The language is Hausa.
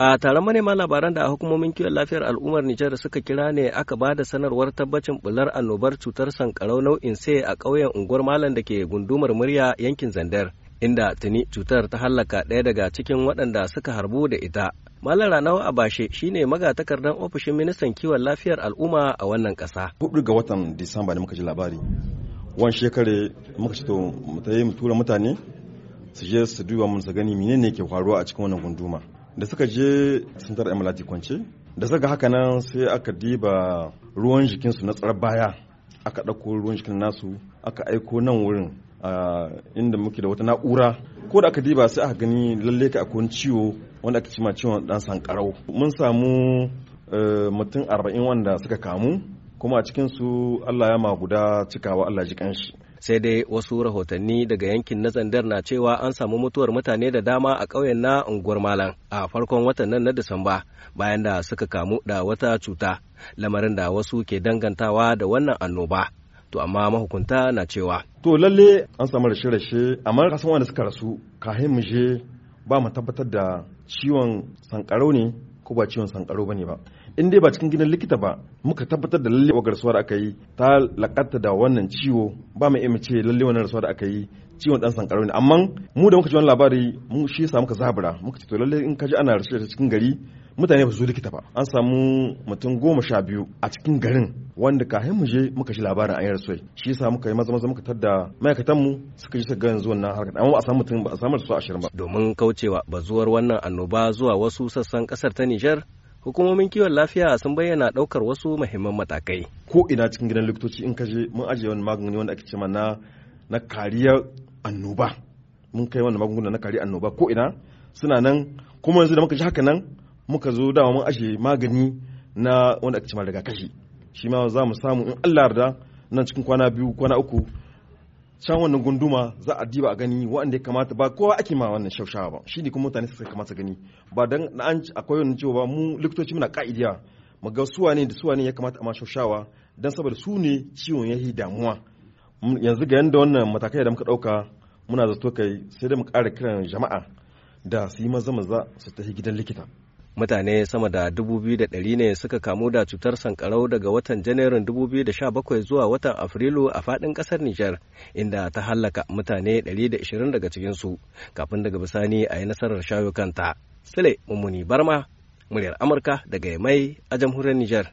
A taron manema labaran da hukumomin kiwon lafiyar al'ummar Nijar suka kira ne aka ba da sanarwar tabbacin bular annobar cutar sankarau nau'in C a ƙauyen unguwar Malam da ke gundumar murya yankin Zandar, inda tuni cutar ta hallaka ɗaya daga cikin waɗanda suka harbu da ita. Malam a Abashe shine magatakardan ofishin ministan kiwon lafiyar al'umma a wannan ƙasa. Hudu ga watan Disamba ne muka ji labari. Wani shekare muka ci to mu tura mutane su je su duba mun su gani menene ke faruwa a cikin wannan gunduma. da suka je santar emirati kwance da suka haka nan sai aka diba ruwan jikinsu na tsar baya aka ɗauko ruwan jikin nasu aka aiko nan wurin inda muke da wata na'ura ko da aka diba sai aka gani lalle ka akwai ciwo wanda aka cima ciwon dan sankarau mun samu eh, mutum arba'in wanda suka kamu kuma a cikinsu Allah ya maguda cikawa Allah ji kanshi. Sai dai wasu rahotanni daga yankin na zandar na cewa an samu mutuwar mutane da dama a ƙauyen na unguwar Malam a farkon watan nan na Disamba bayan da suka kamu da wata cuta lamarin da wasu ke dangantawa da wannan annoba. to amma mahukunta na cewa to lalle an samu rashe-rashe amma kasan wanda suka rasu kahin mu je ba mu tabbatar da ciwon sankarau ne ko ba ciwon sankaro bane ba in dai ba cikin gidan likita ba muka tabbatar da lalle wa da aka yi ta lakatta da wannan ciwo ba mu iya ce lalle wannan rasuwa da aka yi ciwon dan sankaro ne amma mu da muka ji wannan labari mu shi yasa muka zabura muka ce to lalle in ka ji ana rasuwa cikin gari mutane ba su zo likita ba an samu mutum goma sha biyu a cikin garin wanda kafin mu je muka ji labarin an yarsu shi yasa muka yi maza maza muka tadda ma'aikatan mu suka ji su ga yanzu wannan harkar amma a samu mutum ba a samu su ashirin ba domin kaucewa bazuwar wannan annoba zuwa wasu sassan kasar ta Nijar hukumomin kiwon lafiya sun bayyana daukar wasu muhimman matakai ko ina cikin gidan likitoci in ka je mun ajiye wani magani wanda ake cewa na na kariyar annoba mun kai wannan magunguna na kariyar annoba ko ina suna nan kuma yanzu da muka ji haka nan muka zo dama mun ashe magani na wanda aka daga rigakafi shi ma za mu samu in Allah yarda nan cikin kwana biyu kwana uku can wannan gunduma za a diba a gani waɗanda ya kamata ba kowa ake ma wannan shaushawa ba shi ne kuma mutane suka kamata gani ba dan na an akwai wani cewa ba mu likitoci muna ka'idiya mu ga suwa ne da suwa ne ya kamata a ma shaushawa dan saboda su ne ciwon ya yi damuwa yanzu ga yanda wannan matakai da muka ɗauka muna zato kai sai da mu ƙara kiran jama'a da su yi maza maza su tafi gidan likita mutane sama da da 2,100 ne suka kamu da cutar sankarau daga watan janairun bakwai zuwa watan afrilu a fadin kasar nijar inda ta hallaka mutane 120 daga cikinsu kafin daga bisani a yi nasarar shayo sile sule mummuni barma muryar amurka daga mai a jamhuriyar nijar